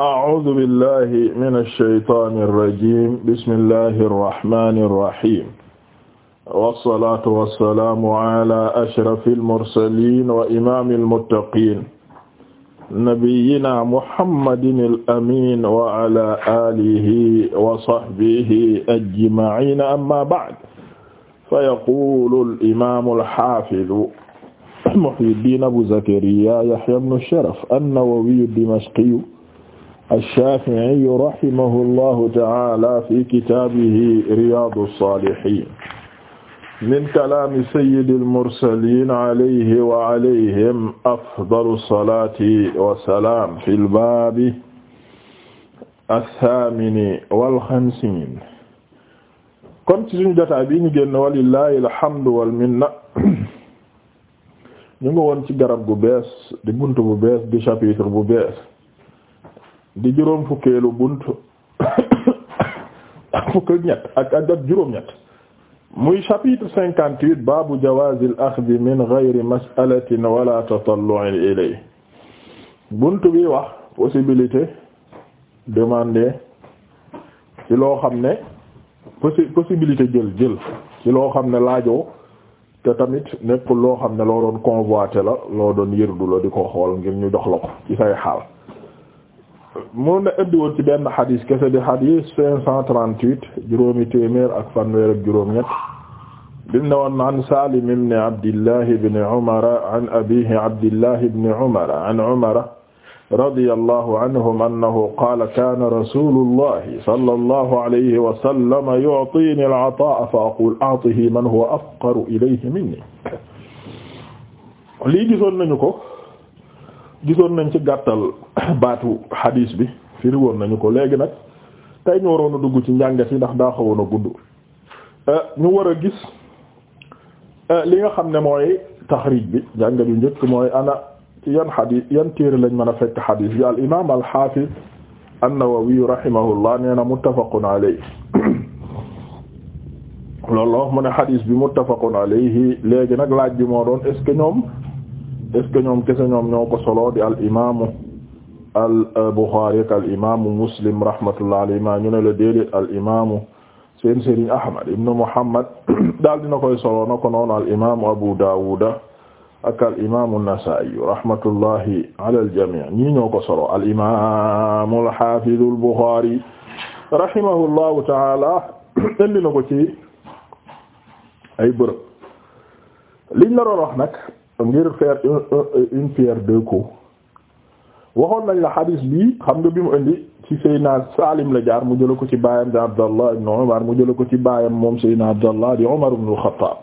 أعوذ بالله من الشيطان الرجيم بسم الله الرحمن الرحيم والصلاة والسلام على أشرف المرسلين وإمام المتقين نبينا محمد الأمين وعلى آله وصحبه أجمعين أما بعد فيقول الإمام الحافظ محي الدين أبو زكريا يحيى بن الشرف النووي الدمشقي ash-Shaafi'i rahimahu llahu ta'aala fi kitaabihi Riyaadu s-Saalihiin min kalaami sayyidil mursaliin alayhi wa alayhim afdalu salaati wa salaam fil baabi as-saamini wal xamsiin. kon ci suñu jotaay bi ñu génn walillaahi alhamdu wal minna ñu ngi woon ci garab gu bees di bunt bu bees di chapitre bu bees. di juróom fukkeelu bunt fukk ak ñett ak ak juróom ñett muy chapitre cinquante-huit baabu jawaazil axdi min ghayri mas'alatin wala tatallu'in ilay bunt bi wax possibilité demander ci loo xam ne possi possibilité jël jël ci loo xam ne laajoo te tamit nekkul loo xam ne loo doon convoité la loo doon yërdu la di ko xool ngir ñu jox la ko ci say xaal mu ne indi woon ci benn xadis kese di xadis cinq cent trente-huit juróomi téeméer ak fanweer ak juróom-ñett bim ne woon an Salim ibn Abdillah ibn Umar an abiihi Abdillah ibn Umar an Umar radiyallahu anhum annahu qaala kaana rasuulullahi sallallahu alayhi wa sallam yu'tiini al-'ataa'a fa aqulu a'tihi man huwa afqaru ilayhi minni lii gisoon nañu ko. gisoon nañ ci gàttal baatu hadis bi firi woon nañu ko léegi nag tey ñu waroon a dugg ci njàngat yi ndax daa xawoon a gudd euh, ñu war a gis euh, li nga xam ne mooy taxriij bi njàngat yu njëkk mooy ana ci yan hadis yan téere lañ mën a fekk hadis bi al imaam al xaafiz an-Nawawi rahimahullah nee na muttafaqun alayhi loolu mu ne hadis bi muttafaqun alayhi léegi nag laaj bi moo doon est ñoom est-ce ko solo al imaamu al Buxaari ak al imaamu Muslim rahmatullah alayhima ñu ne la déedéet al imaamu seen Ahmad ibn Muhammad daal dina koy solo na ko noonu al imaamu Abu Daawuda ak al imaamu al jamii ñii ñoo ko solo al imaamu al xaafidu al Buxaari taala indi na ci ay bërëb liñ la doon wax ngir faire une pierre deux waxoon nañ la xadiis bi xam nga bi mu indi ci Seyna Salim la jaar mu jëla ko ci baayam di Abdallah ibn Umar mu jëla ko ci baayam moom Seyna Abdallah di Umar ibn al-Khattab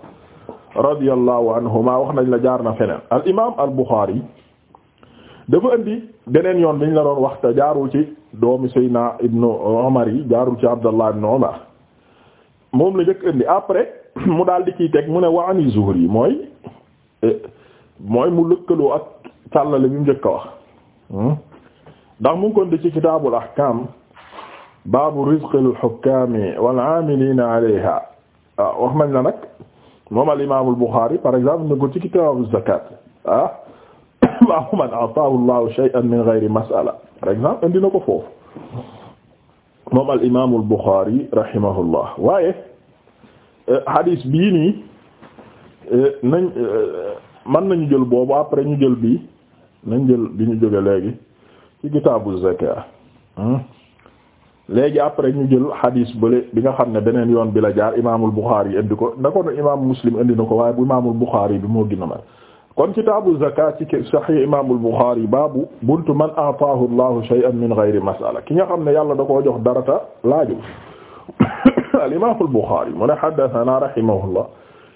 radiyallahu anhuma wax nañ la jaar na feneen al imaam al Bukhari dafa indi beneen yoon bi ñu la doon wax jaarul ci doomi Seyna ibn Umar yi jaarul ci Abdallah ibn Umar moom la jëkk indi après mu daal di ciy teg mu ne wa Zuhri mooy. Eh, mooy mu lëkkaloo ak càllale bi mu njëkk a wax hmm? ndax mu ngi di ci kitaabul ahkaam baabu rizqil hukkaami wal aamiliina alayha ah, wax nañ la nag moom al imaamul Buxaari par exemple ne ko ci kitaabu zakat ah baabu man ataahu Allahu shay'an min ghayri mas'ala par exemple indi na ko foofu moom al imaamul Buxaari rahimahullah waaye eh, hadis bii nii eh, nañ. Eh, man nañu jël boobu après ñu jël bii nañ jël bi ñu jóge léegi ci kitaabu zakat hmm? léegi après ñu jël hadis bële bi nga xam ne beneen yoon bi la jaar imaamul Buxaari yi indi ko na ko imaam Muslim indi na ko waaye bu imaamul Buxaari bi moo gën a mel kon kitaabu zakat ci sahih imaamul Buxaari baabu buntu man ataahu Allahu shay'an min ghayri mas'ala ki nga xam ne yàlla da koo jox darata laaju al imaamul Buxaari mu ne haddathana rahimahullah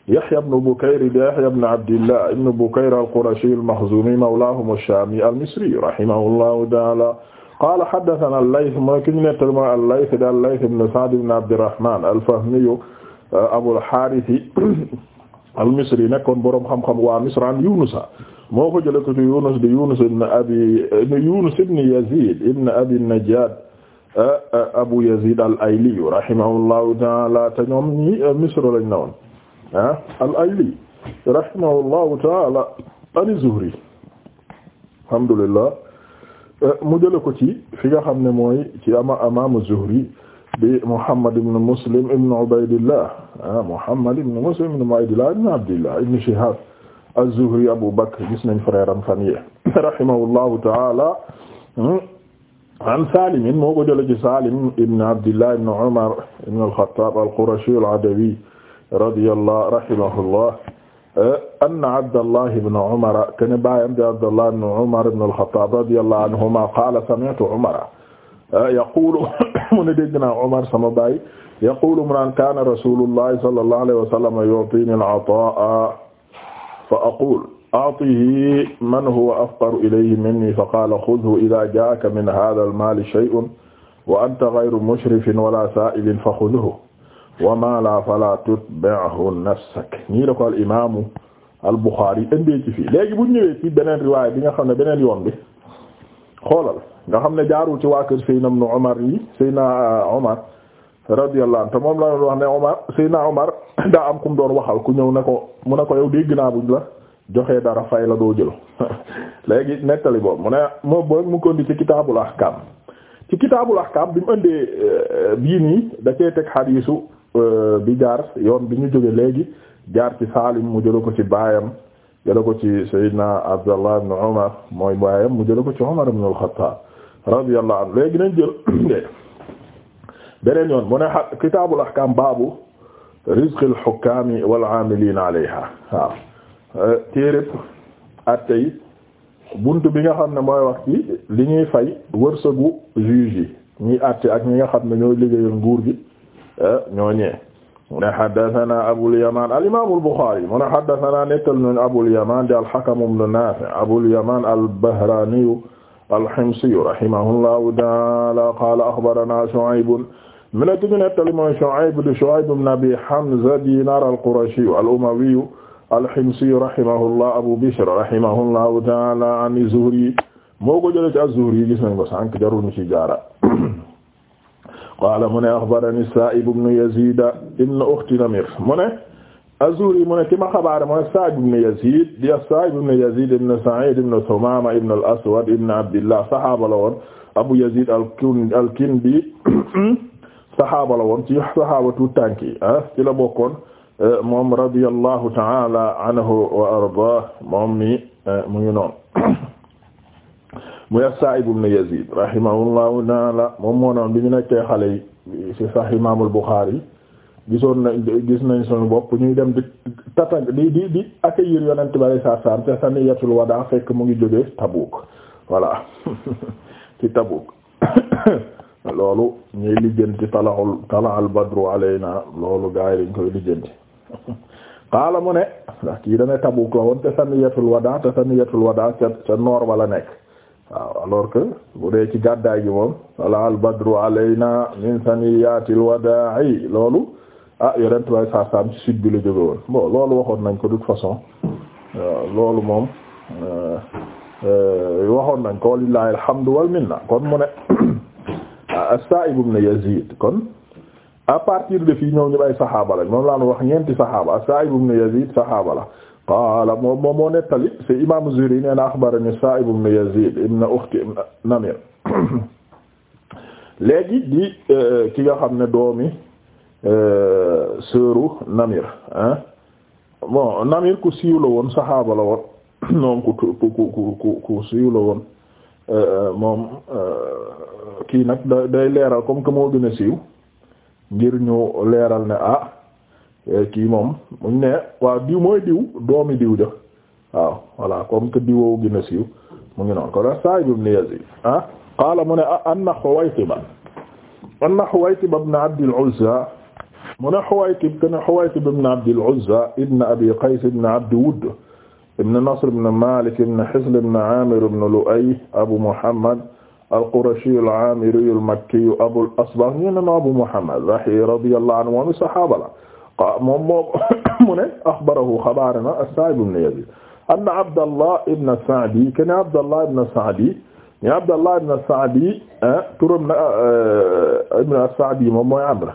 Yahya ibn Bukayr di Yahya ibn Abdillah ibn Bukayr al-Qurashi al-Makhzumi mawlahum ash-Shami al-Misri rahimahullahu ta'ala qaala haddathana al-Layth mooy ki ñu nettali mooy al-Layth di al-Layth ibn Sa'd ibn Abdirrahman al-Fahmi uh, Abul Harith al-Misri nekkoon boroom xam-xam waa Misr an Yunus moo ko jëlee ko ci Yunus di Yunus ibn Abi uh, Yunus ibn Yazid ibn Abi Najjad uh, Abu Yazid al-Ayli rahimahullahu ta'ala te ñoom ñi Misr lañ newoon ah al-Ayli rahimahullahu ta'ala an Zuhri alhamdulillah eh, mu jële ko ci fi nga xam ne mooy ci ama imaamu Zuhri bi Muhammad ibn Muslim ibn Ubaydillah ah Muhammad ibn Muslim ibn Ubaydillah ibn Abdillah ibn Shihab az-Zuhri Abu Bakr gis nañ frère am fan yee rahimahullahu ta'ala hmm, an Salim moo ko jële ci Salim ibn Abdillah ibn Umar ibn al-Khattab al-Qurashi al-Adawi radiyallahu rahimahullah eh, anna Abdallah ibn Umar kana baayam di Abdallah ibn Umar ibn al-Khattab radiyallahu anhuma qaala sami'tu Umar eh, yaqulu mu ne dégg naa Umar sama baay yaqulu mu naan kaana rasulullah sallallahu alayhi wa sallam yu'tini al-'ataa'a fa aqulu a'tihi man huwa afqaru ilayhi minni fa qaala khudhhu idhaa jaa'aka min haadha al-maali shay'un wa anta ghayru mushrifin wa laa saa'ilin fa khudhhu wa ma la fala tutbi'hu nafsak nii la ko al imaamu al Buxaari indee ci fii léegi bu ñëwee ci beneen riwaay bi nga xam ne beneen yoon bi xoolal nga xam ne jaarul ci waa kër Seydina ibn Umar yi Seydina Umar radiyallahu anhu te moom la wax ne Umar Seydina Umar daa am ku mu doon waxal ku ñëw ne ko mu ne ko yow dégg naa buñ la joxee dara fay la doo jël léegi nettali boobu mu ne moom boobu mu ko indi ci kitaabul ahkaam ci kitaabul ahkaam bi mu indee eh, bii nii da teg xadiisu Euh, bi jaar yoon bi ñu jóge léegi jaar ci Saalim mu jëla ko ci baayam jëla ko ci Seydina Abdallah ibn Umar mooy baayam mu jëla ko ci Umar ibn al-Khattab radiyallahu anhu léegi nañ jël beneen yoon mu ne kitaabul ahkaam baabu rizqil hukkaami wal aamiliina alayha waaw euh, téereb attey bunt bi nga xam ne mooy wax ci li ñuy fay wërsëgu juge yi ñuy àtte ak ñi nga xam ne ñooy liggéeyal nguur gi ñooñee mu ne haddathana Abul Yaman al-Imam al-Bukhari mu ne haddathana nettal nañu Abul Yaman di al-Hakam ibn Nafi' Abul Yaman al-Bahrani al-Himsi rahimahullahu ta'ala qala akhbarana Shu'ayb mu ne ki ñu nettali mooy Shu'ayb di Shu'ayb ibn Abi Hamza Dinar al-Qurashi al-Umawi al-Himsi rahimahullah Abu Bishr rahimahullahu ta'ala an az-Zuhri moo ko jëlee ci az-Zuhri gis nañ ko sànq jarul ñu ci jaara qaala mu ne axbarani Saa'ib ibn Yaziid ibn ukhti Namir mu ne Az-Zuhri mu ne ki ma xabaare mooy Saa'ib ibn Yaziid di Saa'ib ibn Yaziid ibn Sa'iid ibn Thumaama ibn al-Aswad ibn Abdillah saxaaba la woon Abu Yaziid al-Kindi saxaaba la woon ci saxaaba tuut tànk yi ah ci la bokkoon eh, moom radiyallahu ta'ala anhu wa ardaah moom mi eh, mu ngi noonu muy as-Sa'ib ibn Yazid rahimahullahu ta'ala moom moo noon bi ñu nekkee xale yi ci Sahih Imam al gisoon na gis nañ suñu bopp ñuy dem di tatag di di di accueillir yonent bi sallallahu alayhi wasallam te saniyatul wadaa fekk mu ngi jógee Tabuk voilà ci Tabuk loolu ñuy lijjanti talaxul talaxal badru alayna loolu gaa yi dañ koy lijjanti xaala ne kii dana Tabuk la woon te saniyatul wadaa te saniyatul wadaa ca noor ba la nekk waaw alors que bu dee ci gàddaay gi moom wala al badru alayna min saniyatil wadaa'i loolu ah yonent bay saasam ci sud bi la jóge woon bon loolu waxoon nañ ko de toute façon euh, loolu moom euh, euh, waxoon nañ ko walillahi alhamdu wal minna kon mu ne as-Sa'ib ibn kon à partir de fii ñoom ñu bay saxaaba lañ moom laa nu wax ñeenti saxaaba as-Sa'ib ibn saxaaba la waaw moom moom moo nettali si imam Zuhri nee na axbarani Sa'ib ibn Yazid ibn Namir léegi di euh, ki nga xam ne doomi euh, sëru Namir ah bon Namir ku siiw la woon saxaaba la woon moom ku ku ku ku ku siiw la woon euh, moom kii nag day leeral comme que moo gën a siiw ngir ñu leeral ne ah Eh, kii moom muñ ne waaw diw mooy diw doomi diw ja waaw voilà comme que diwoo gën a siiw mu ngi noonu kon Sa'ib ibn Yazid ah qaala mu ne anna Huwaytiba anna Huwaytiba ibn Abd al-Uzza mu ne Huwaytib kana Huwaytib ibn Abd al-Uzza ibn Abi Qays ibn Abd Wudd ibn Nasr ibn Malik ibn Hisl ibn Amir ibn Lu'ay Abu Muhammad al-Qurashi al-Amiri al-Makki Abu al-Asbagh ñu ne Abu Muhammad radiyallahu anhu wa sahaba la moom moom mu ne axbarahu xabarana as-Sa'ib ibn Yazid anna Abdallah ibn Sa'di ken Abdallah ibn Sa'di ni Abdallah ibn Sa'di turam na euh, ibn Sa'di moom mooy Amr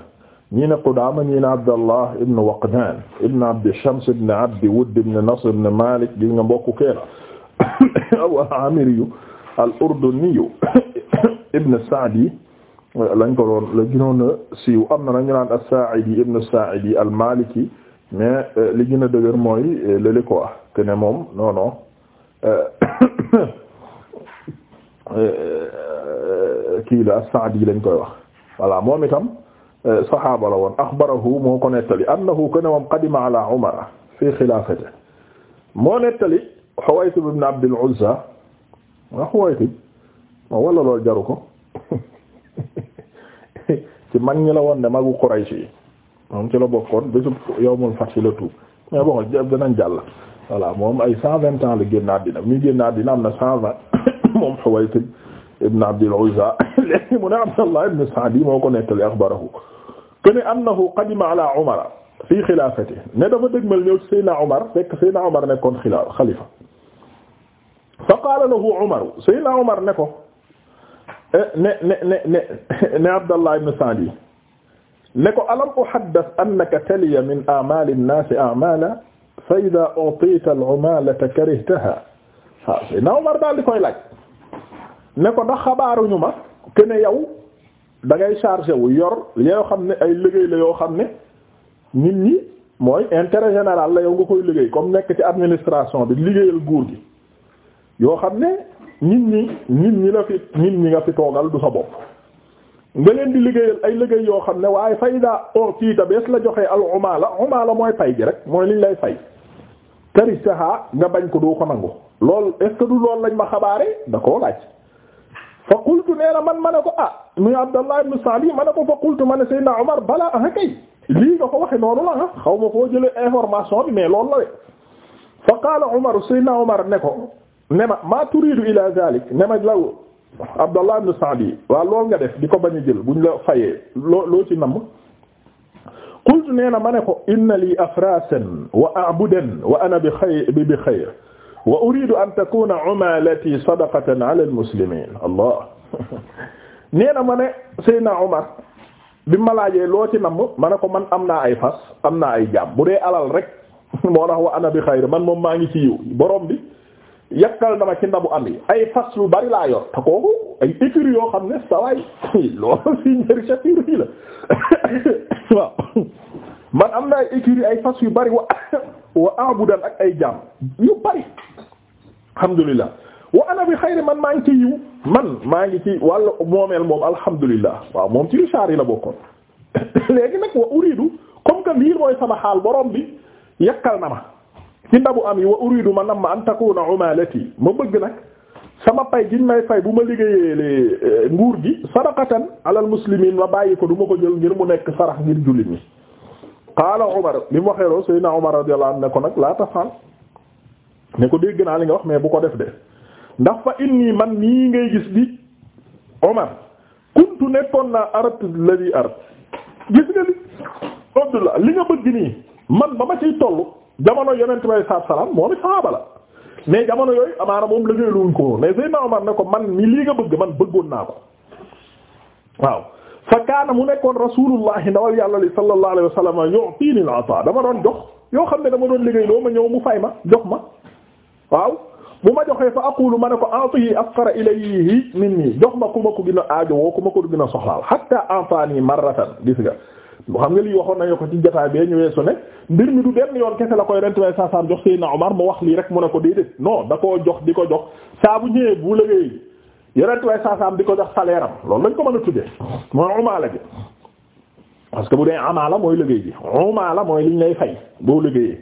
ñi ne Qudaama ñi ne Abdallah ibn Waqdan ibn Abd Shams ibn Abd Wudd ibn Nasr ibn Malik gis nga mbokku keela aw al-Amiri al-Urduni ibn Sa'di lañ ko doon la gënoon a siiw am na nañu naan as-Sa'idi ibn as-Sa'idi al-Maliki mais euh, li gën a dëgër mooy euh, lële ko wax moom non non euh, kii la as koy wax voilà moom itam saxaaba la woon axbarahu moo ko nettali annahu kana moom qadima ala Umar fi xilaafati moo nettali Huwaytib ibn Abd al-Uzza wa Huwaytib wala loolu jaru ko ci mag ñi la woon ne magu Quraysh yi moom ci la bokkoon bésub yawmul ci la tuub mais bon danañ jàll voilà moom ay cent vingt ans la génn àddina mi génn àddina am na cent vingt moom Huwaytib ibn Abdul Uzza léegi mu ne Abdallah ibn Sa'di moo ko nettali axbarahu kene annahu qadima ala Umar fii xilaafati ne dafa dëgmal ñëw ci Seydina Umar fekk Seydina Umar nekkoon xilaafa xalifa fa qaala lahu Umar Seydina Umar ne ko Eh, ne ne ne ne ne Abdallah ibn Sa'di ne ko alam uhaddath annaka taliya min a'mali an-nas a'mala fa idha utita al-umalata karihtaha waaw daal di koy laaj ne ko ndax xabaaruñu ma que ne yow da ngay chargé wu yor yoo xam ne ay liggéey la yoo xam ne nit ñi mooy intere général la yow nga koy liggéey comme nekk ci administration bi liggéeyal nguur gi yoo xam ne nit ñi nit ñi la fi nit ñi nga fi toogal du sa bopp nga leen di liggéeyal ay liggéey yoo xam ne waaye fayda or tiita bees la joxee al umala umala mooy fay ji rek mooy liñ lay fay karistaha nga bañ ko doo ko nangu lool est ce lañ ma xabaare da koo laaj fa qultu nee na man ma ne ko ah muy abdallah ibn Sa'di ma ne ko fa qultu ma ne Seydina Omar balaa ah kay lii nga ko waxe noonu la ah xaw ma foo jëlee information bi mais loolu la de fa qaala Omar Seydina Omar ne ma maa turidu ila zalik ne ma law Abdallah ibn Sa'di waaw lool nga def di ko bañ a jël buñ la fayee loo loo ci namm qultu nee na ma ne ko inna lii afrasan wa a'budan wa ana bi xayr bi xayr wa uridu an takuna umalati sadaqatan ala almuslimin allah nee na ma ne Seydina Omar bi ma laajee loo ci namm ma ne ko man am naa ay fas am naa ay jaam bu dee alal rek moo tax wa ana bi xayr man moom maa ngi ci yiw borom bi yakkal dama ci ndabu am yi ay fas yu bari laa yor te kooku ay écurie yoo xam ne sawaay loolu si ñëri chatur yi la waaw man am na ay écurie ay fas yu bari wa wa abudan ak ay jaam yu bari alhamdulillah wa ana bi xayri man maa ngi ci yiw man maa ngi ci wàllu moomeel moom alhamdulillah waaw moom ci richard yi la bokkoon léegi nag wa uridu comme que lii mooy sama xaal boroom bi yakkal na ma ci ndabu am yi wa uridu ma nam ma an takuna umalati ma bëgg nag sama pay giñ may fay bu ma liggéeyee eh, nguur gi sadaqatan alal muslimin ma bàyyi ko du ma ko jël ngir mu nekk sarax ngir jullit ñi qaala Umar li mu waxee loolu Seydina Umar radiyallahu anhu ne ko nag laa tafal ne ko dégg naa li nga wax mais bu ko def de ndax fa inni man nii ngay gis bi Umar kuntu nekkoon naa arat ladi arat gis nga li Abdullah li nga bëgg nii man ba ma ci tollu jamono yonent bi saa salaam moom it saxaaba la mais jamono yooyu amaana moom liggéey luñ ko mais Seydina Omar ne ko man ni lii nga bëgg man bëggoon naa ko waaw fa kaana mu nekkoon rasuulullahi ndawal yàlla li sallallahu alayhi wa sallam yu'tini al-'ata dama doon jox yoo xam ne dama doon liggéey loo ma ñëw mu fay ma jox ma waaw bu ma joxee fa aqulu ma ne ko a'tihi afqara ilayhi minni jox ma ku ma ko gën a woo ku ma ko gën a soxlaal hatta a'tani marratan gis nga xam nga lii waxoon nañu ko ci jotaay bee ñu weesu ne mbir mi du benn yoon kese la koy rentway sa sam jox Seydina Omar mu wax lii rek mu ne ko déedéet non da koo jox di ko jox saa bu ñëwee bu lëgéey yorentway sa sam di ko jox salaire loolu lañ ko mën a tuddee mooy umaala gi parce que bu dee amaala mooy lëgéey ji umaala mooy liñ lay fay boo lëgéeyee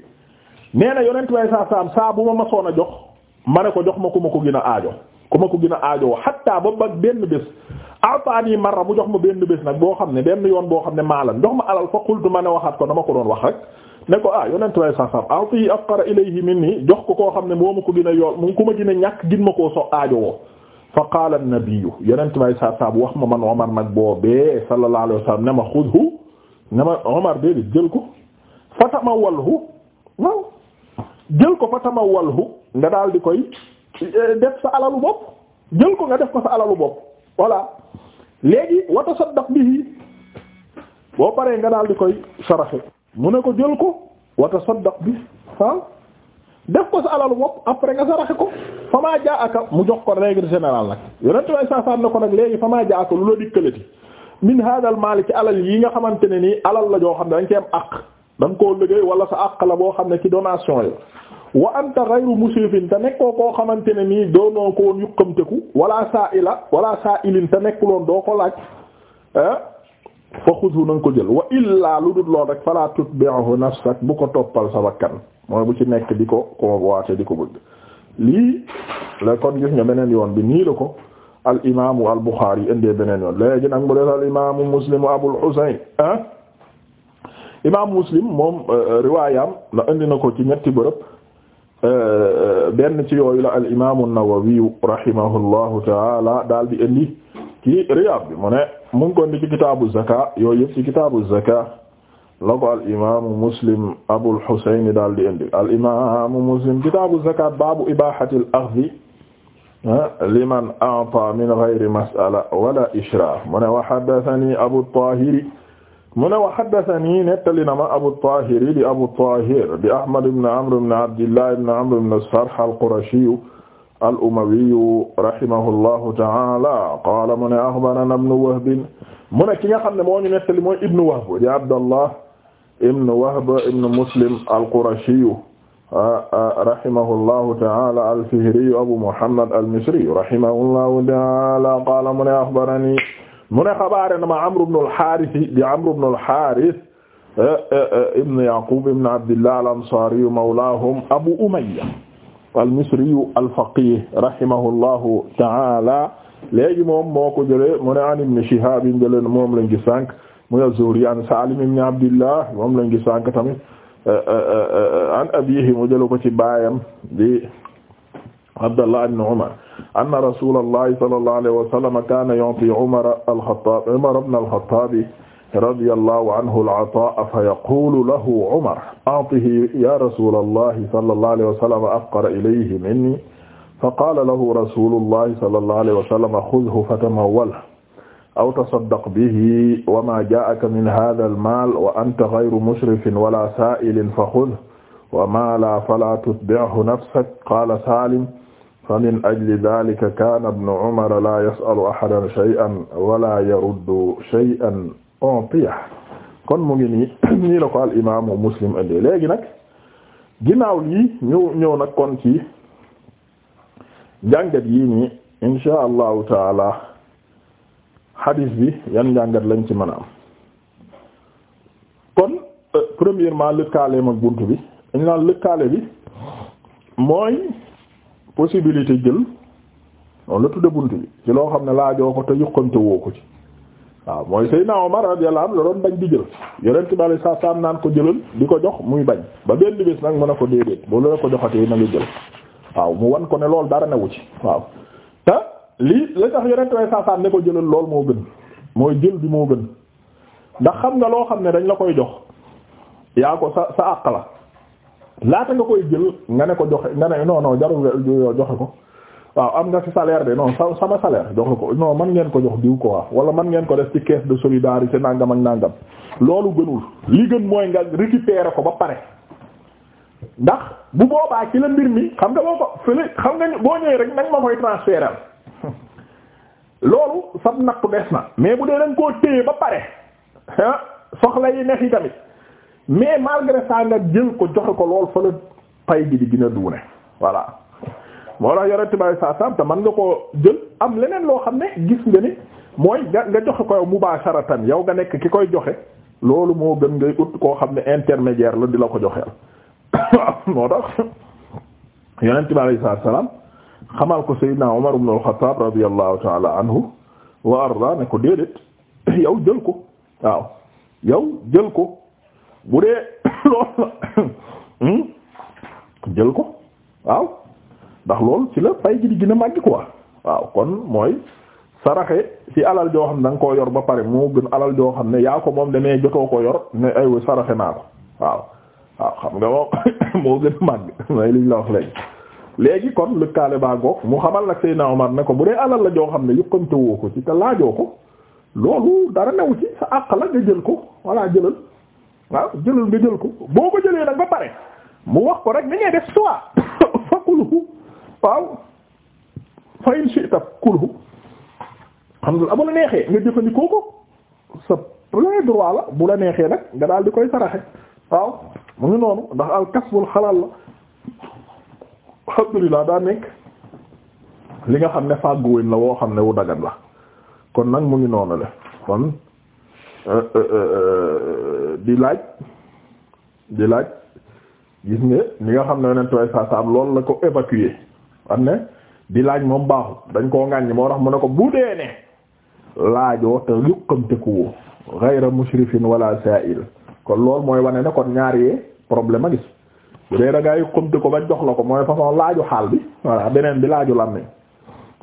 nee na yorentway sa sam saa bu ma masoon a jox ma ne ko jox ma ku ma ko gën a aajo ku ma ko gën a aajo xatta ba ba benn bés ataani marra mu jox ma benn bés nag boo xam ne benn yoon boo xam ne maalan jox ma alal fa qultu ma ne waxaat ko dama ko doon wax rek ne ko ah yonent way saasam atiyi afqara ilayhi minni jox ko koo xam ne moo ma ko gën a yool mu ku ma gën a ñàkk gin ma koo so aajo woo fa qaala an-nabiyyu yonent way saasam wax ma man Omar nag boobee sallallahu alayhi wa sallam ne ma xudhu ne ma Omar déedéet jël ko fatama walhu waaw jël ko fatama walhu nga daal di koy eh, def sa alalu bopp jël ko nga def ko sa alalu voilà léegi wa tasaddaq bihi boo paree nga daal di koy saraxe mu ne ko jël ko wa tasaddaq bi ah def ko sa alalu bopp après nga saraxe ko fa maa jaa aka mu jox ko règle générale nag yonent way saasaan na ko nag léegi fa maa jaa aka lu la dikkalati min hadal maali ci alal yi nga xamante ne nii alal la joo xam ne dañ ci am àq da koo liggéey wala sa àq la boo xam ne ci donation yi wa anta ghayru musrifin te nekkoo koo xamante ne nii doonoo ko woon yuqamteku wala sa'ila wala sa'ilin te nekkuloon doo ko laaj ah fa xudhu na ko jël wa illaa lu dul lool rek fala tutbi'hu nafsak bu ko toppal sa bakkan mooy bu ci nekk di ko koo waate di ko bëgg lii la kon gis nga beneen yoon bi nii la ko al imaamu al Buxaari yi indee beneen yoon léegi nag mu des al imaamu Muslim Abul Husayn ah imaamu Muslim moom euh, riwaayam la indi na ko ci ñetti bërëb. benn ci yooyu la al imaamu Nawawi rahimahullahu taala daal di indi ci Riyaad bi mu ne mu ngi ko indi ci kitaabu zaka yooyu yëpp ci kitaabu zaka la ko al imaamu Muslim Abul Husayn daal di indi al imaamu Muslim kitaabu zaka baabu ibaahatil axdi ah, liman a'ta min ghayri mas'ala wala ishraaf mu ne wa haddathani Abu Taahir mu ne wa haddathanii nettali na ma Abu Tahir di Abu Tahir di Ahmad ibn Amr ibn Abdillah ibn Amr ibn Sarh al-Qurashi al-Umawi rahimahullahu ta'ala qaala mu ne akhbarana ibn Wahb mu ne ki nga xam ne moo ñu nettali mooy ibn Wahb di Abdallah ibn Wahb ibn Muslim al-Qurashi ah, ah, rahimahullahu ta'ala al-Fihri Abu Muhammad al-Misri rahimahullahu ta'ala qaala mu ne akhbarani mu ne xabaare na ma Amr ibn al-Harith di Amr ibn al-Harith eh, eh, eh, ibn Yaqub ibn Abdillah al-Ansari mawlahum Abu Umayya al-Misri al-faqih rahimahullahu ta'ala léegi moom moo ko jëlee mu ne an Ibn Shihab jëlee moom lañ gis sànq mu az-Zuhri an Salim ibn Abdillah moom lañ gis sànq tamit an abiihi mu jëlee ko ci baayam di Abdallah ibn Umar anna rasulallahi sallallahu alayhi wa sallam kaana yu'ti Umara al-Khattab Umar ibn al-Khattab radiyallahu anhu al-'ataa'a fa yaqulu lahu Umar a'tihi ya rasulallahi sallallahu alayhi wa sallam afqara ilayhi minni fa qaala lahu rasulullahi sallallahu alayhi wa sallam xudhu fatamawwalhu aw tasaddaq bihi wa maa jaa'aka min haadhal maal wa anta ghayru musrifin wala saa'ilin fa xudhu wa maa laa falaa tutbi'hu nafsak qaala Saalim fa min ajli dhalika kaana ibnu umar la yasalu ahadan shay'an wala yaruddu shay'an kon mu ngi nii nii al imaamu muslim indi léegi nag ginnaaw lii ñu ñëw nag kon ci njàngat yi nii insha allahu taala hadis bi yan njàngat lañ ci mën a am kon euh, premièrement lëkkaaleem ak bunt bi dañ naan lëkkaale bi mooy possibilité jël noonu la tudde bunt bi ci loo xam ne laajoo ko te yuqante woo ko ci waaw mooy Seydina Omar radiyallahu anhu la doon bañ di jël yonent bi alei saa salam naan ko jëlal di ko jox muy bañ ba benn bés nag mën a ko déedéet boo la ko joxatee na nga jël waaw mu wan ko ne loolu dara newu ci waaw te lii la tax yonent bi saa salam ne ko jëlal lool moo gën mooy jël bi moo gën ndax xam nga loo xam ne dañ la koy jox yaa ko sa sa àq la laata nga koy jël nga ne ko joxe nga ne non non jarul joxe ko waaw am nga ci salaire de non sama salaire joxe ko non man ngeen ko jox diw ko wala man ngeen ko def ci caisse de solidarité nangam ak nangam loolu gënul li gën mooy nga récupérer ko ba pare. ndax bu boobaa ci la mbir mi xam nga boo ko fële xam nga boo ñëwee rek nañ ma koy transférer loolu sab nattu des na mais bu dee dañ koo téye ba pare ah, soxla yi neex yi tamit. mais malgré ça nga jël ko joxe ko lool fa la pay gi di gën a duune voilà moo tax yore tubaab yi saa saam te mën nga koo jël am leneen loo xam ne gis nga ni mooy nga nga joxe ko yow mubasharatan yow nga nekk ki koy joxe loolu moo gën ngay ut koo xam ne intermédiaire la di la ko joxeel waaw moo tax yonent bi alayhi salaam xamal ko Seydina Umar ibn al-Khattab radiyallahu anhu wa arda ne ko déedéet yow jël ko waaw yow jël ko bu dee loolu la hmm? jël ko waaw ndax loolu ci la pay gi di gën màgg ko waaw kon mooy saraxe ci alal joo xam ne da koo yor ba pare moo gën alal joo xam ne yaa ko moom demee jotoo ko yor ne aywa saraxe naa ko waaw waaw xam nga moom moo gën a màgg mooy liñ la wax léegi léegi kon lëkkaale baa goog mu xamal nag Seydina Omar ne ko bu dee alal la joo xam ne yëkkamte woo ko ci te laajoo ko loolu dara new ci sa àq la nga jël ko walla jëlal waaw jëlal nga jël ko boo ko jëlee nag ba pare mu wax ko rek ni ngay def soit fa kulhu waaw fa in shi'ta kulhu alhamdulillah bu la neexee nga jëfandikoo ko sa plein droit la bu la neexee nag nga daal di koy saraxe waaw mu ngi noonu ndax al kasbul xalaal la alhamdulillah daa nekk li nga xam ne fàgguwén la woo xam ne wu dagan la kon nag mu ngi noonu le kon Euh, euh, euh, di laaj di laaj gis nga li nga xam ne yonent way saa saam loolu la ko évacuer am ne di laaj moom baaxut dañ koo ngàññ moo tax mu ne ko bu dee ne laajoo te yuqamteku woo ghayra mushrifin wala sa'il kon loolu mooy wane ne kon ñaar yee problème a gis bu dee da ngaa ko ba jox la ko mooy façon laaju xaal bi voilà beneen bi laaju làmmiñ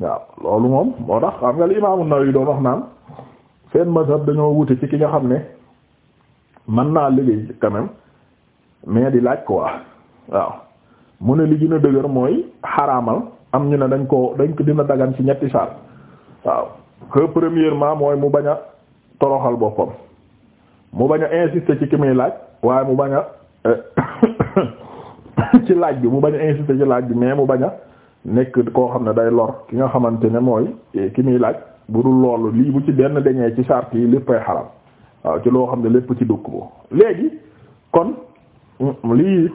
waaw loolu moom moo tax xam nga li Imaamu Nawawi doon wax naan seen mazhab dañoo wuti ci ki nga xam ne man naa liggéey quand mais di laaj quoi waaw mu ne li gën a dëgër mooy xaraamal am ñu ne dañ koo dañ ko dina dagan ci ñetti saal waaw que premièrement mooy mu baña toroxal boppam mu bañ a insister ci ki muy laaj waaye mu bañ a euh, ci laaj bi mu bañ a insister ci laaj bi mais mu bañ a nekk koo xam ne day lor ki nga xamante ne mooy ki muy laaj bu dul loolu lii bu ci benn dañee ci sart yi léppay xaram waaw ci loo xam ne lépp ci dukk bo léegi kon mm, lii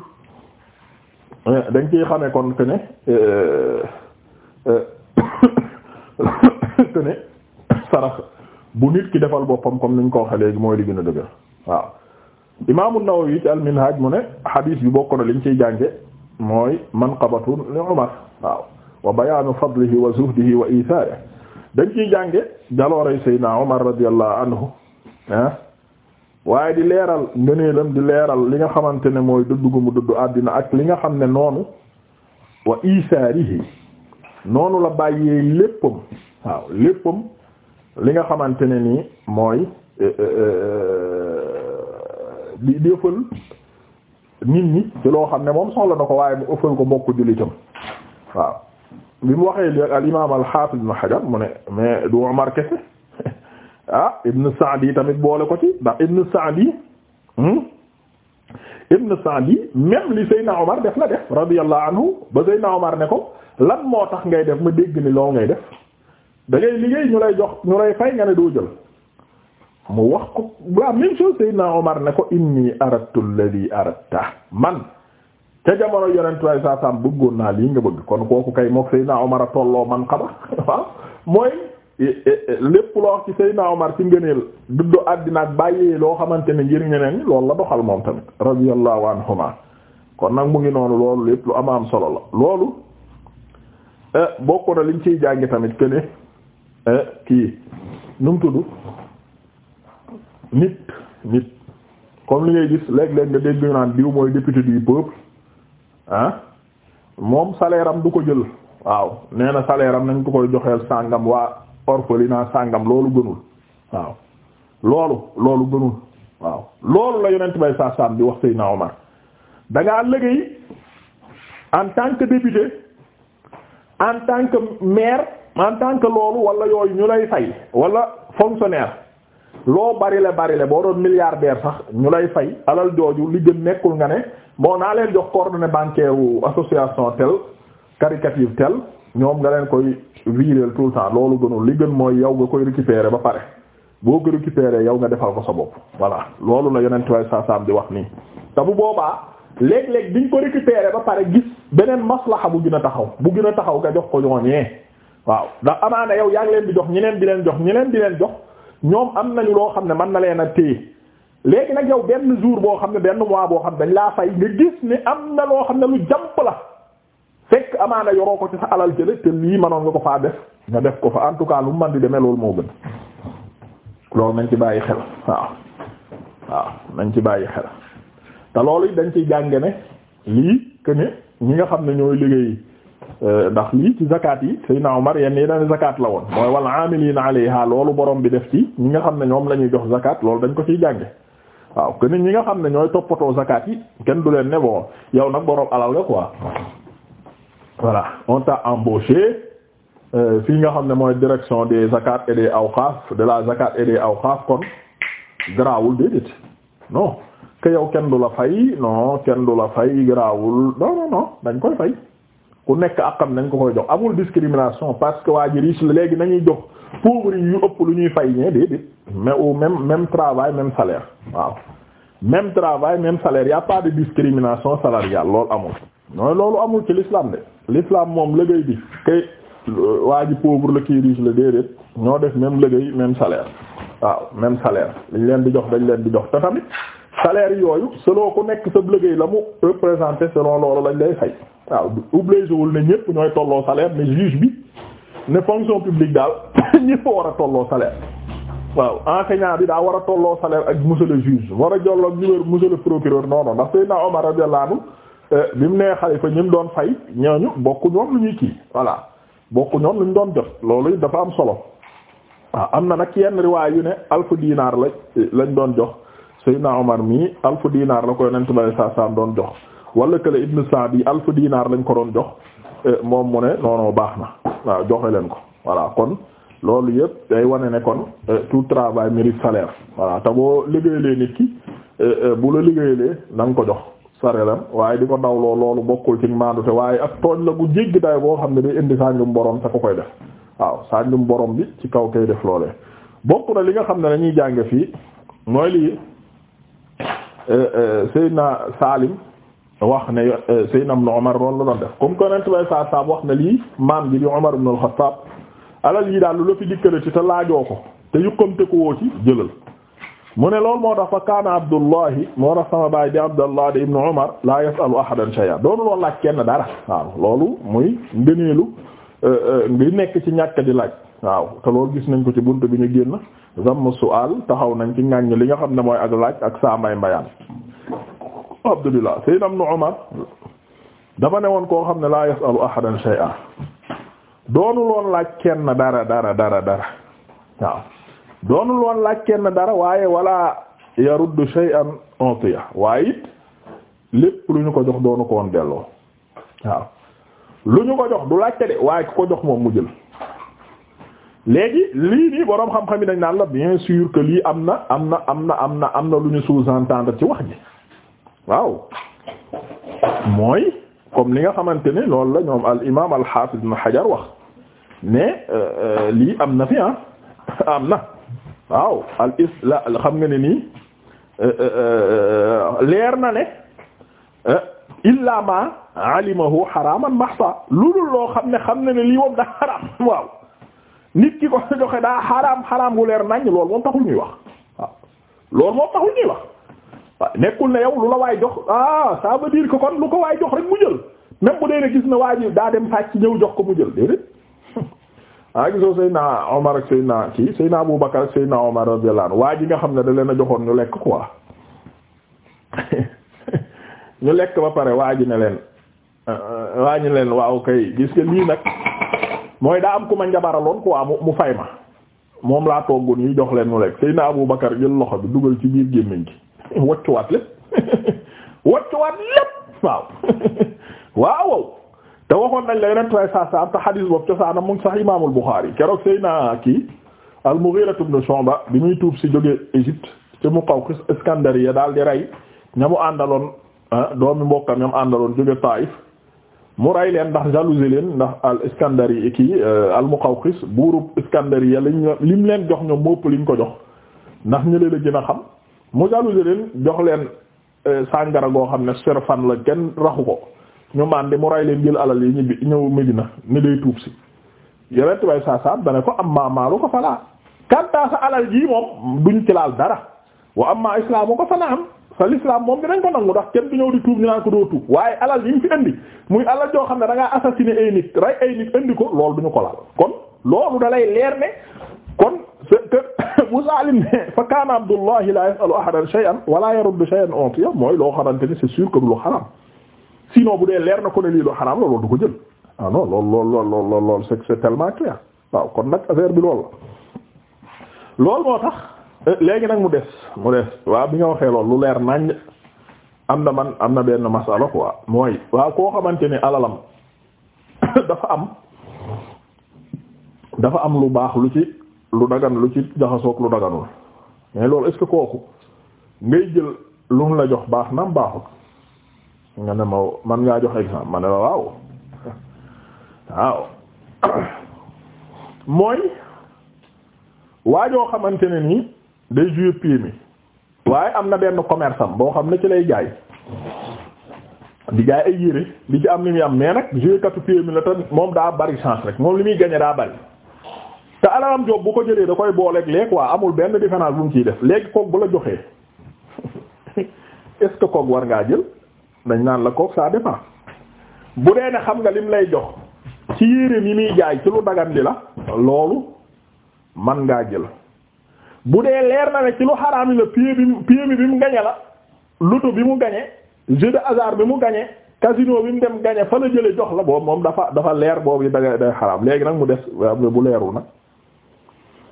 eh, dañ ciy xamee kon que ne eh, eh, que ne bu nit ki defal boppam comme niñ ko waxee mooy di gën a dëgër waaw imaamu Nawawi ci al mu ne xadiis bi bokk na liñ ciy jànge mooy manqabatun li Umar waaw wa bayaanu fadlihi wa zuhdihi wa ithaarihi dañ ciy jànge jalooray Seydina Omar radiyallahu anhu ah waaye di leeral ngëneelam di leeral li nga xamante ne mooy dëddu gu mu dëddu àddina ak li nga xam ne noonu wa isaarihi noonu la bàyyee léppam waaw léppam li nga xamante ne nii mooy eh, eh, eh, di di ëffal nit ñi ci loo xam ne moom soxla na ko waaye mu ëffal ko mbokk jullitam waaw bi mu waxee li al imaam al xaafis ibn Hajar mu ne mais du Umar kese ah Ibn Saadi tamit boole ko ci ndax Ibn Saadi hmm? Ibn Saadi même li Seydina Omar def la def radiyallahu anhu ba Seydina Omar ne ko lan moo tax ngay def ma dégg ni loo ngay def da liggéey ñu lay jox ñu lay fay nga ne doo jël mu wax ko la même chose Seydina Omar ne ko inni aradtu alladhi aradta man. ca jamono yonent way saa saam bëggoon naa lii nga bëgg kon kooku kay mook Seydina Omar a tolloo man xama waaw mooy e, e, e, lépp loo wax ci Seydina Omar ci ngëneel duddu àddina ak bàyyee loo xamante ne ngir ñeneen ñi loolu la doxal moom tamit radiyallahu anhuma kon nag mu ngi noonu loolu lépp lu ama am solo la loolu bokk na liñ ciy jàngi tamit que kii nu mu tudd nit nit comme li ngay gis léeg-léeg nga dégg ñu naan diw mooy député du peuple ah moom salaire du ko jël waaw nee na salaire am nañ ko koy joxeel sàngam waa orphelinat sàngam loolu gënul waaw loolu loolu gënul waaw loolu la yonent bay saa saam bi wax Seydina Omar da ngaa liggéey en tant que député en tant que maire en tant loolu wala yooyu ñu lay fay wala fonctionnaire loo bari la bari la boo doon milliardaire sax ñu lay fay alal jooju li gën nekkul nga ne moo naa leen jox coordonnée bancaire wu association tel caritative tel ñoom nga leen koy viréel tout le temps loolu gënul li gën mooy yow nga koy récupérer ba pare boo ko récupérer yow nga defal ko sa bopp voilà loolu la yeneen saa sa am di wax nii te bu boobaa léeg-léeg diñ ko récupérer ba pare gis beneen maslaxa bu gën a taxaw bu gën a taxaw nga jox ko ñooñee waaw ndax amaana yow yaa ngi leen di jox ñeneen di leen jox ñeneen di leen jox ñoom am nañu loo xam ne man na leen a téye léegi nag yow benn jour boo xam ne benn mois boo xam ne dañ laa fay nga gis ne am na loo xam ne lu jàmp la fekk amaana yoroo ko ci sa alal jële te lii manoon nga ko faa def nga def ko fa en tout cas lu mu mën loolu moo gën loolu nañ ci bàyyi xel waaw waaw nañ ci bàyyi xel te loolu dañ ciy jànge ne lii que ñi nga xam ne ñooy liggéey Euh, ndax lii ci zakat yi Seydina Omar yenn yi dañu zakat la woon mooy wal amilina alayha loolu boroom bi def ci ñi nga xam ne ñoom la ñuy jox zakat loolu dañ ko ciy jànge waaw ñi nga xam ne ñooy toppatoo zakat yi kenn du leen ne bon yow nag borom alal nga ko voilà on t'a embauché euh, fii nga xam ne mooy direction de zakat et des awqaf de la zakat et des awqaf kon garaawul déedéet non que yow kenn du la fay non kenn du la fay garaawul non non non dañ koy fay. ku nekk xam nañ ko koy jox amul discrimination parce que waa ji riche la léegi nañuy jox pauvre yi yu ëpp lu ñuy fay ñee déedéet mais au même même travail même salaire waaw même travail même salaire y a pas de discrimination salariale loolu amul nooy loolu amul ci l'islam de l'islam moom liggéey bi kay euh, waa ji pauvre la ki riche la déedéet ñoo def même liggéey même salaire waaw même salaire dañ leen di jox dañ leen di jox te tamit salaire yooyu selon ku nekk sa liggéey la mu représenté selon loolu lañ lay fay waaw obligé wul ne ñépp ñooy tolloo salaire mais juge bi ne fonction publique daal ñépp war a tolloo salaire waaw enseignant bi daa war a tolloo salaire ak monsieur le juge war a jolloo numéro monsieur le procureur non non ndax Seydina Omar radiyallahu euh, mu nee xalifa ñi mu doon fay ñooñu bokku ñoom lu ñuy kii voilà bokku ñoom lu ñu doon jot loolu dafa am solo waaw am na nag yenn riwaay yu ne alfu dinaar la euh, lañ doon jox Seydina Omar mii alfu dinaar la ko Yonent bi sallallahu alayhi doon jox. wala kële ibn Saadi alfu diinaar lañ ko doon jox eh, moom mu ne noonu baax na waaw joxe leen ko voilà kon loolu yëpp day wane ne kon eh, tout travail mérite salaire voilà te boo liggéeyalee nit ki eh, bu la liggéeyalee na nga ko jox sareelam waaye di ko dawloo loolu bokkul ci maandu te waaye ak tooñ la gu jéggi day boo xam ne day indi sànjum borom te ko koy def waaw sànjum boroom bi ci kaw kay def loole bokk na li nga xam ne dañuy jànge fii mooy lii na Salim wax ne euh, Seydina Ibn Umar loolu la doon def comme que Yonent bay saa saam wax na lii maam ji di Umar ibn al-Khattab alal yi daal lu la fi dikkale ci te laajoo ko te yukkamte ko woo ci jëlal mu ne loolu moo tax fa kaana Abdullahi moo tax sama baay di Abdullah di Ibn Umar laa yasalu ahadan shay'a doonu loolu laaj kenn dara waaw loolu muy ngëneelu euh, euh, ngi nekk ci ñàkk di laaj waaw te loolu gis nañ ko ci bunt bi ñu génn zamm su'al taxaw nañ ci ñàññ li nga xam ne mooy ak laaj ak saa mbay Abdullah Sayyid ibn Umar dafa ne woon koo xam ne laa yasalu ahadan shay'a doonul woon laaj kenn dara dara dara dara waaw doonul woon laaj kenn dara waaye wala yaruddu shay'an utiya waaye it lépp lu ñu ko jox doonu ko woon delloo waaw lu ñu ko jox du laajte de waaye ku ko jox moom mu jël léegi lii nii boroom xam-xam yi dañ naan la bien sûr que lii am na am na am na am na am na lu ñu sous-entendre ci wax ji waaw mooy comme li nga xamante ne loolu la ñoom al imaam al xaafis ibn Hajar wax ne euh, euh, lii am na fi ah, am na waaw al la xam nga ne nii euh, leer na ne ila ma alimahu xaraaman mahsa lu dul loo xam ne xam na ne lii moom daa xaraam waaw nit ki ko joxe daa xaraam xaraam gu leer nañ loolu moom taxul ñuy wax waaw moom taxul ñuy wax Ah, nekkul ne yow lu la waay jox ah saaba veut ko kon lu ko waay jox rek mu jël même bu dee ne gis na waa ji daa dem sàcc ñëw jox ko mu jël déedéet ah gisoo Seydina Omar ak Seydina kii Seydina Abu Bakar ak Seydina Omar radiyallahu anhu waa ji nga xam ne da leen a joxoon ñu lekk quoi ñu lekk ba pare waa ji ne leen ah, ah, leen waaw kay gis nga daa am ku ma njabaraloon quoi mu fay ma moom laa toggoon ñu jox leen ñu lekk Seydina Abu Bakar jël loxo bi dugal ci biir gémmiñ gi waccuwaat lépp waccuwaat lépp waaw waaw te waxoon nañ la yeneen tray saa saa te xadiis boobu cosaanam mu ngi sax imaamul Buxaari keroog sëy naa kii al bi muy tuub si jóge Égypte ci Muqawqis Iskandariya daal di rey ñamu àndaloon ah, doomi mbokkam ñam àndaloon jóge mu rey leen ndax jalousie leen ndax al Iskandari kii euh, al mu Muqawqis buurub ya liñ lim leen jox ñoom mopp liñ ko jox ndax ñële la a xam mu jalouse leen jox leen euh, sàngara goo xam ne serfan la kenn raxu ko ñu màndi mu rey leen jël alal yi ñibbi ñëw Medina ni day tuub si yonent bay saa saam dana ko am maamaalu ko falaa kantaa sa alal jii moom duñ ci laal dara wa am maa islaamu ko fana am sa lislaam moom dinañ ko nangu ndax kenn du ñëw di tuub ñu naan ko doo tuub waaye alal yi mu fi indi muy alal joo xam ne da ngaa ay nit rey ay nit indi ko loolu duñu ko laal kon loolu da lay leer Abu Salim fa kaana Abdullahi la yasalu ahadan shay'an wala yaruddu shay'an utiya mooy loo xamante ni c'est sûr que du lu xaraam sinon bu dee leer na ko ne lii lu xaraam la ko jël ah non lool lool lool waaw kon nag affaire bi lool moo tax euh, léegi nag mu des mu des waa bi nga waxee lool lu leer nañ am na man am na benn masala mooy waa koo xamante ne alalam dafa am dafa am lu baax lu ci lu dagan lu ci jaxasoog lu daganul mais loolu est kooku ngay jël lu mu la jox baax nam baaxut nga ne ma man ngaa jox exemple ma ne la waaw waaw mooy waajoo xamante ne nii day jouer pied mi waaye am na benn commerce boo xam ne ci lay jaay di jaay ay yére li ci am li muy am mais nag jouer katu pied mi la te moom daa bari chance rek moom li muy gagner daa bari te alalam job bu ko jëlee da koy booleeg leeg waa amul benn différence bu mu ciy def léegi koog bu la joxee est ce war ngaa jël dañ naan la koog ça dépend bu dee ne xam nga lim lay jox ci yéreem yi muy jaay ci lu dagan li la loolu man ngaa jël bu dee leer na ne ci lu xaraam la pied bi pied bi bi mu gañe la loto bi mu gañe jeu de hasard bi mu gañe casino bi mu dem gañe fa a jële jox la boobu moom dafa dafa leer boobu yi da day xaraam léegi nag mu des bu leerul nag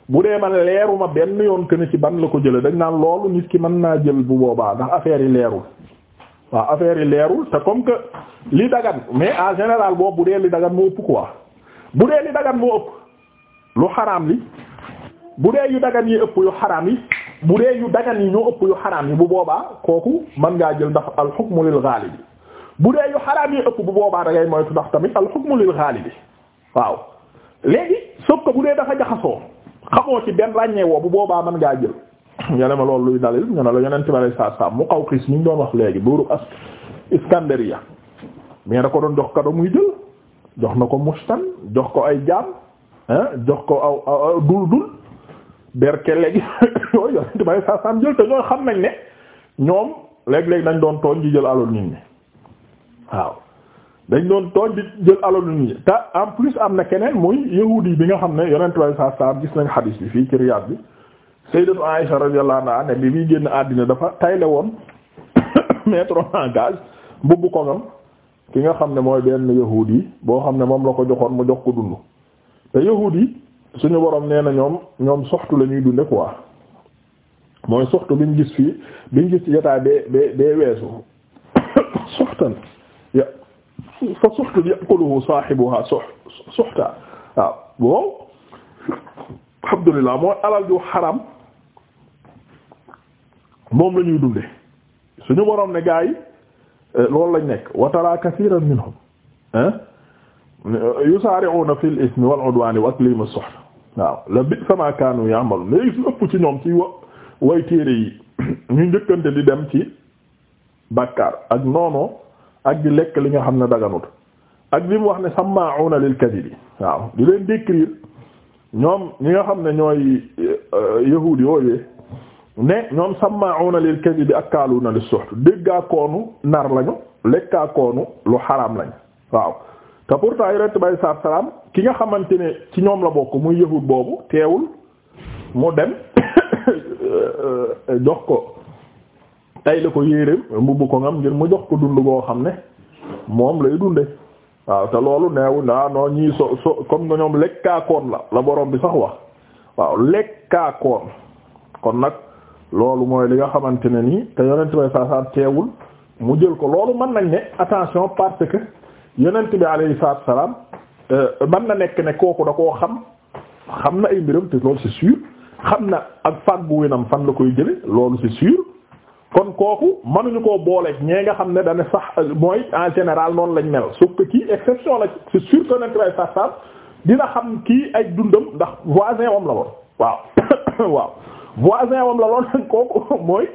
bu dee man leeruma benn yoon que ci ban la ko jëlee dañ naan loolu nit ki mën naa jël bu boobaa ndax affaire yi leerul waaw affaire yi leerul te comme que li dagan mais à général boobu bu dee li dagan moo ëpp quoi bu dee li dagan moo ëpp lu xaraam li bu dee yu dagan yi ëpp yu xaraam yi bu dee yu dagan yi ñoo ëpp yu xaraam yi bu boobaa kooku mën ngaa jël ndax al hukmu lil ghalib bu dee yu xaraam yi ëpp bu boobaa da ngay moytu ndax tamit al hukmu lil ghalib waaw léegi sauf que bu dee xamoo ci benn ràññee woo bu boobaa man ngaa jël nga ne ma loolu luy dalil ñu ne la yonent bi saa saa mu xaw xiis mi ñu doon wax léegi buuru as Iskandariya mais na ko doon jox kado muy jël jox na ko mustan jox ko ay jaam jox ko aw aw dul dul berke léegi yooyu yonent bi saa jël te ñooy xam nañ ne ñoom léeg-léeg dañ doon tooñ di jël alal nit ñi waaw. dañ doon tooñ bi jël alalu nit ñi te plus am na keneen muy yahudi bi nga xam ne yonent bi saa saam gis nañ xadiis bi fii ci Riyad bi sayyidatu Aisha radiyallahu anha ne bi muy génn àddina dafa tayle woon mettre en gage mbubbu kogam ki nga xam ne mooy benn yahudi boo xam ne moom la ko joxoon mu jox ko dund te yi suñu borom nee na ñoom ñoom soxtu la ñuy dunde quoi mooy soxtu biñ gis fii biñ gis ci jotaay bee bee bee weesu soxtan ya fa suxtu yaquluhu saahibuha suxta waaw wow alhamdulillah mooy alal ju xaram moom la ñuy dunde ñu boroom ne gaa lool eh, loolu lañ nekk wa tara kathiran minhum eh? yusaari'una fil ismi wal udwani wa aklim as-suht waaw la bi'sa ma kaanu ya'malun léegi su ëpp ci ñoom ci wa way téere yi ñu njëkkante di dem ci bàkkaar ak noonu ak di lekk li nga xam ne daganut ak li mu wax ne sama'una lil kadhibi waaw di leen décrire ñoom ñi nga xam ne ñooy euh, yahuudi yooyee ne ñoom sama'una lil bi ak kaaluna lis suht déggaa koonu nar lañu lekkaa koonu lu xaraam lañ waaw te pourtant yonent bi alayhi salaatu salaam ki nga xamante ne ci ñoom la bokk muy yahuud boobu teewul mu dem euh, euh, jox ko tay la ko yéeréem mbubb ko ngam ngir mu jox ko dund goo xam ne moom lay dunde waaw te loolu neewu naa non ñii so so comme nga ñoom lekkaakoon la la boroom bi sax wax waaw lekkaakoon kon nag loolu mooy li nga xamante ne nii te yonent bay saasan teewul mu jël ko loolu mën nañ ne attention parce que yonent bi alayhi salaatu salaam euh, mën na nekk ne kooku da koo xam xam na ay mbiram te loolu c'est sûr xam na ak fàggu winam fan la koy jële loolu c'est sûr kon kooku mënuñu ko booleeg ñee nga xam ne dana sax euh, mooy en général noonu lañ mel sauf kii exception la c'est sûr que nag lay sax sax dina xam kii ay dundam ndax voisin wam la woon waaw waaw voisin wam la woon kooku mooy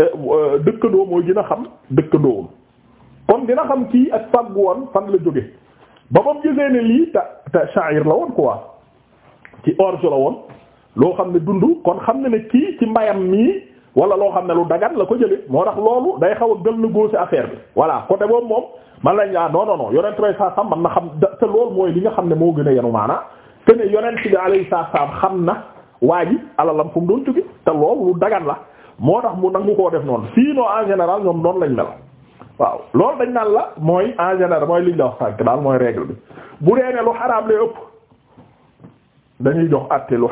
euh, euh, dëkkandoo mooy dina xam dëkkandoowam kon dina xam kii ak faggu woon fan la jóge ba moom gisee ne lii ta ta sha'ir la woon quoi ci orge la woon loo xam ne dund kon xam ne ne kii ci mbayam mii wala loo xam ne lu dagan la ko jëlee moo tax loolu day xaw a gën la góose affaire bi voilà côté boobu moom man lañ laa non non non yonent bay saa sam man na xam te loolu mooy li nga xam ne moo gën a yenu maana te ne yonent bi alayhi salaam xam na waa ji alalam fu mu doon jóge te loolu lu dagan la moo tax mu nangu koo def noonu sinon en général ñoom noonu lañ mel waaw loolu dañ naan la mooy en général mooy liñ la wax sànk daal mooy règle bi bu dee ne lu xaraam jox àtte lu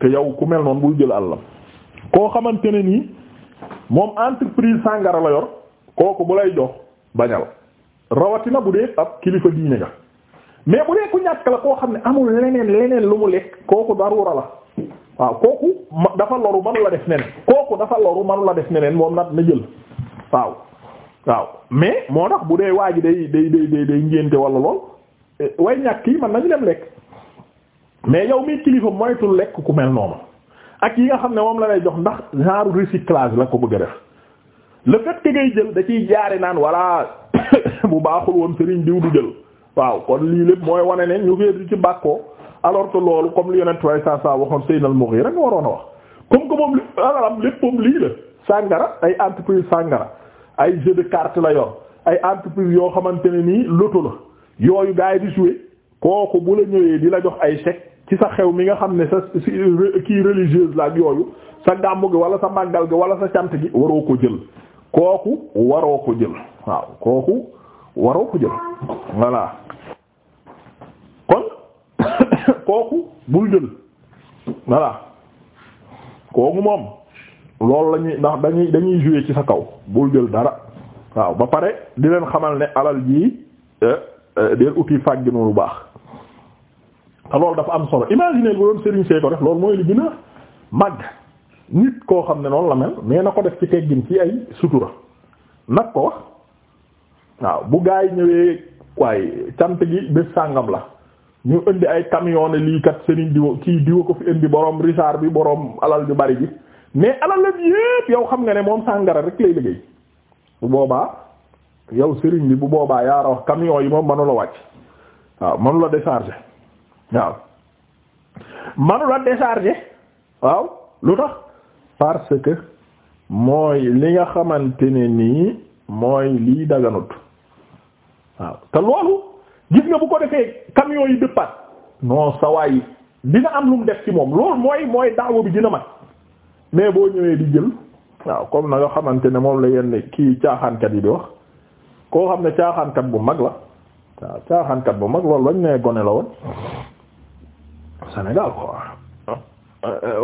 te yow ku mel noonu buy jël alalam koo xamante ne nii moom entreprise sàngara la yor kooku bu lay jox bañal rawatina bu dee ab kilifa diine nga mais bu dee ku ñàkk la koo xam ne amul leneen leneen lu mu lekk kooku darura la waaw kooku dafa loru manu la def neneen kooku dafa loru manu la def neneen moom nag na jël waaw waaw mais moo tax bu dee waa ji day day day day ngénte wala lool eh, way ñàkk yi man nañu dem lekk mais yow mi kilifa moytul lekk ku mel noonu ak yi nga xam ne moom la lay jox ndax genre recyclage la ko bëgg a def le fait que jël da ciy jaare naan walla bu baaxul woon sëriñ diw du jël waaw kon lii lépp mooy wane ne ñu ngi ci bàkkoo alors que loolu comme li yonent way waxoon Al-Mughira rek waroon a wax comme que moom alalam lépp moom lii la sàngara ay entreprise sàngara ay jeu de carte la yor ay entreprise yoo xamante ne nii loto la yooyu gars yi di jouer kooku bu la ñëwee di la jox ay chèque ci sa xew mi nga xam ne sa kii religieuse laa ak yooyu sa gàmmu gi wala sa màggal gi wala sa cant gi waroo ko jël kooku waroo ko jël waaw kooku waroo ko jël voilà kon kooku bul jël voilà kooku moom loolu lañuy ndax dañuy dañuy jouer ci sa kaw bul jël dara waaw ba pare di leen xamal ne alal jii eh, eh, deel uti fàgg noonu baax te loolu dafa am solo imaginer bu doon Serigne Seye ko def loolu mooy li gën a màgg nit koo xam ne noonu la mel mais na ko def ci teggin ci ay sutura nag ko wax waaw bu gaa yi ñëwee waaye cant gi bés sàngam la ñu indi ay camion ne lii kat Serigne diwa kii diwa ko fi indi borom Richard bi boroom alal ju bari bi mais alal la bi yépp yow xam nga ne moom sàngara rek lay liggéey bu boobaa yow Serigne bi bu boobaa yaara wax camion yi moom mënu la wàcc waaw mënu la décharger. waaw manu la décharger waaw lu tax parce que mooy li nga xamante ne nii mooy lii daganut waaw te loolu gis nga bu ko defee camion yi dëppaat non sa dina am lu mu def ci moom loolu mooy mooy daawa bi dina mat mais boo ñëwee di jël waaw comme na nga xamante ne moom la yenn kii caaxaankat yi di wax koo xam ne caaxaankat bu mag la waaw caaxaankat bu mag loolu lañ nee gone la woon Sénégal quoi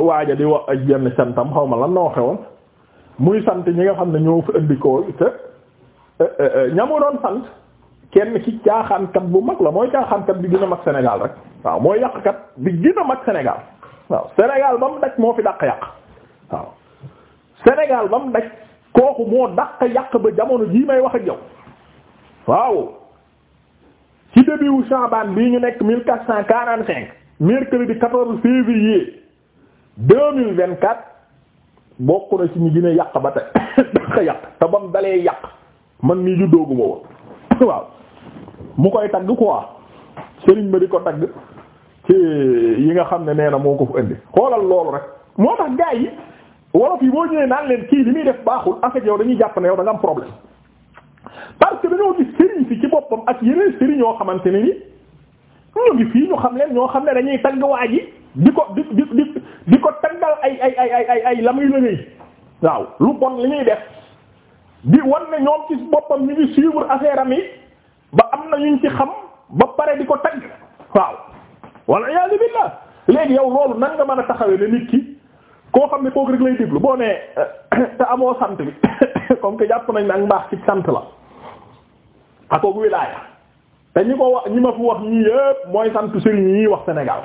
waaja di wa ak yenn santam xaw ma lan na waxe woon muy sant ñi nga xam ne ñoo fi indi te eh, eh, eh, ñamu doon sant kenn ci caaxaankat bu mag la mooy caaxaankat bi gën a mag Sénégal rek waaw mooy yàqkat bi gën a mag Sénégal waaw Sénégal ba mu daj moo fi daq yàq waaw Sénégal ba mu daj kooku moo daq yàq ba jamono jii may wax ak yow waaw ci début wu Chaabaan bii ñu nekk mille quatre cent quarante-cinq mercredi 14 février 2024 bokk na ci ñu gën a yàq ba tey dafa yàq te bam dalee yàq man mi ju doogu ma woon waaw mu koy tagg quoi sëriñ ma di ko tagg ci yi nga xam ne nee na moo ko fu indi xoolal loolu rek moo tax gaa yi wolof yi boo ñëwee naan leen kii li muy def baaxul en fait dañuy jàpp ne yow da nga am problème parce que dañoo gis sëriñ si ci boppam ak yeneen sëriñ xamante ne ni. ñu ngi fii ñu xam leen ñoo xam ne dañuy tagg waa ji di ko di di di ko taggal ay ay ay ay la muy liggéey waaw lu bon li ñuy def di wan ne ñoom ci boppam ñu ngi suivre affaire am yi ba am na ñu ci xam ba pare di ko tagg waaw walla iyaazu billaah léegi yow loolu nan nga mën a taxawee ne nit ki koo xam ne kooku rek lay déglu boo nee te amoo sant bi comme que jàpp nañ ne ak mbaax ci sant la ak kooku wilaaya te ko wax ñi ma fi wax ñii yépp mooy sant sëriñ ñii wax Sénégal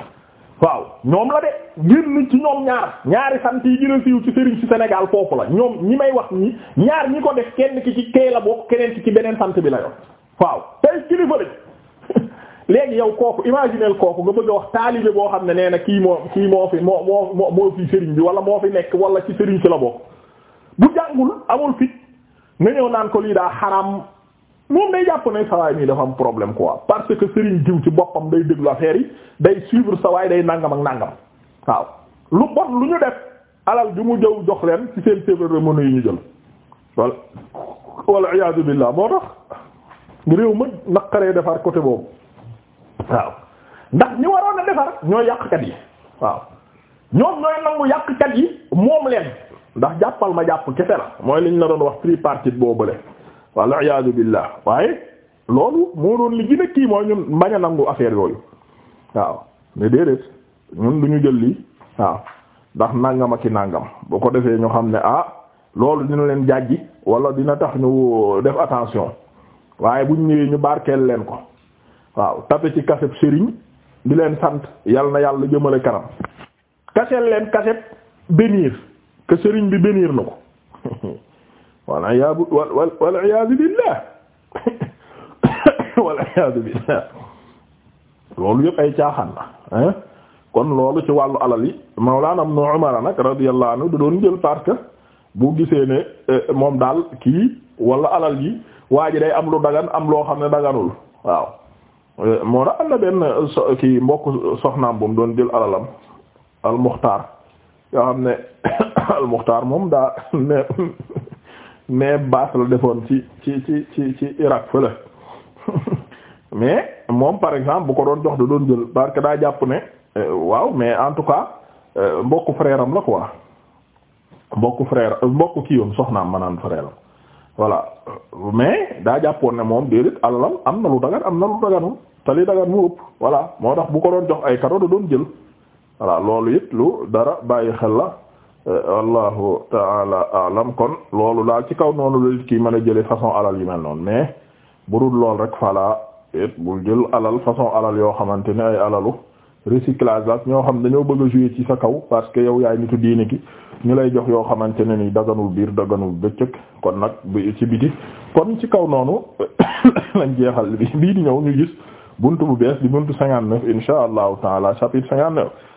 waaw ñoom la de génn ci ñoom ñaar ñaari sant yi gën a siiw ci sëriñ ci senegal foofu la ñoom ñi may wax ñi ñaar ñi ko def kenn ki ci kay la bokk keneen ki ci beneen sant bi la yor waaw tey kilifa lañ léegi yow kooku imagineel kooku nga bëgg a wax taalibe boo xam ne nee na kii moo kii moo fi moo moo moo fi sëriñ bi wala moo fi nekk walla ci sëriñ ci la bokk bu jàngul amul fit nga ñëw moom day jàpp ne sawaay mii dafa am problème quoi parce que Serigne diw ci boppam day déglu affaire yi day suivre sawaay day nangam ak nangam waaw lu bon lu ñu def alal bi mu jëw jox leen ci seen sévère mënu yi ñu jël wala wala iyaadu billah moo tax réew ma naqaree defar côté boobu waaw ndax ñi waroon a defar ñooy yàqkat yi waaw ñoom ñooy nangu yàqkat yi moom leen ndax jàppal ma jàpp kese la mooy liñ la doon wax tripartite boobule walla iyaazu billah waaye loolu moo doon li gën kii mooy ñun bañ a nangu affaire yooyu waaw ne déedéet ñun du ñu jël lii waaw ndax nangam ak i nangam boo ko defee ñu xam ne ah loolu dina leen jàjji wala dina tax ñu def attention waaye buñ ñëwee ñu barkeel leen ko waaw tape ci kaset sëriñ di leen sant yal na yàlla jëmale kanam kaseel leen kaset bénir que sëriñ bi bénir na ko waliyaadu wal waliyaadu billah waliyaadu billah loolu yëpp ay caaxaan la kon loolu ci wàllu alal yi Mawlana Ibn Umar nag radiyallahu anhu da doon jël parce que gisee ne euh, moom daal kii wala alal yi waa ji day am lu dagan am loo xam ne daganul waaw euh, moo tax am benn euh, so kii mbokk soxnaam bu mu doon jël alalam al yoo xam ne al moom daa ne mais baas la defoon ci ci ci ci ci Irak fële mais moom par exemple bu ko doon jox da doon jël parce que daa jàpp ne euh, waaw mais en tout cas euh, mbokku frère am la quoi mbokku frère euh, mbokku kii yoon soxnaam maanaam frère am voilà mais daa jàppoon ne moom déedéet alalam am na lu dagan am na lu daganul te dagan mu ëpp voilà moo tax bu ko doon jox ay cadeau da doon jël voilà loolu it lu dara bàyyi xel la. wallahu euh, taala alam kon loolu daal ci kaw noonu lalit kii mën a jële façon alal yi mel noonu mais burul lool rek fala et bul jël alal façon alal yoo xamante ni ay alalu recyclage la ñoo xam dañoo bëgg a jouer ci sa kaw parce que yow yaay nitu diine ki ñu lay jox yoo xamante ne ni daganul biir daganul bëccëg kon nag ci biti kon ci kaw noonu lañ jeexal bi bii di ñëw ñu gis buntu bu bees di bunt cinquante neuf insha allahu taala chapitre cinquante neuf